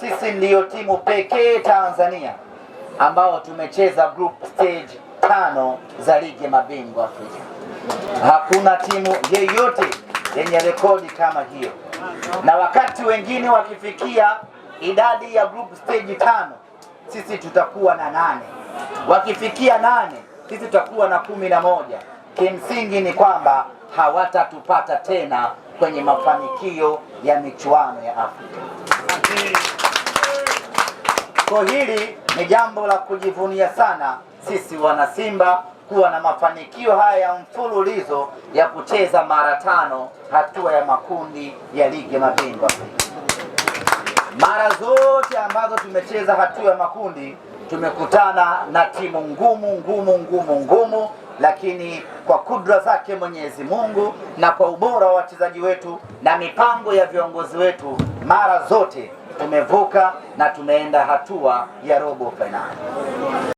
Sisi ndiyo timu pekee Tanzania ambao tumecheza group stage tano za ligi ya mabingwa Afrika. Hakuna timu yeyote yenye rekodi kama hiyo, na wakati wengine wakifikia idadi ya group stage tano, sisi tutakuwa na nane. Wakifikia nane, sisi tutakuwa na kumi na moja. Kimsingi ni kwamba hawatatupata tena kwenye mafanikio ya michuano ya Afrika. Kwa hili ni jambo la kujivunia sana sisi wanasimba kuwa na mafanikio haya ya mfululizo ya kucheza mara tano hatua ya makundi ya ligi ya mabingwa. Mara zote ambazo tumecheza hatua ya makundi tumekutana na timu ngumu ngumu ngumu ngumu lakini kwa kudra zake Mwenyezi Mungu na kwa ubora wa wachezaji wetu na mipango ya viongozi wetu, mara zote tumevuka na tumeenda hatua ya robo fainali.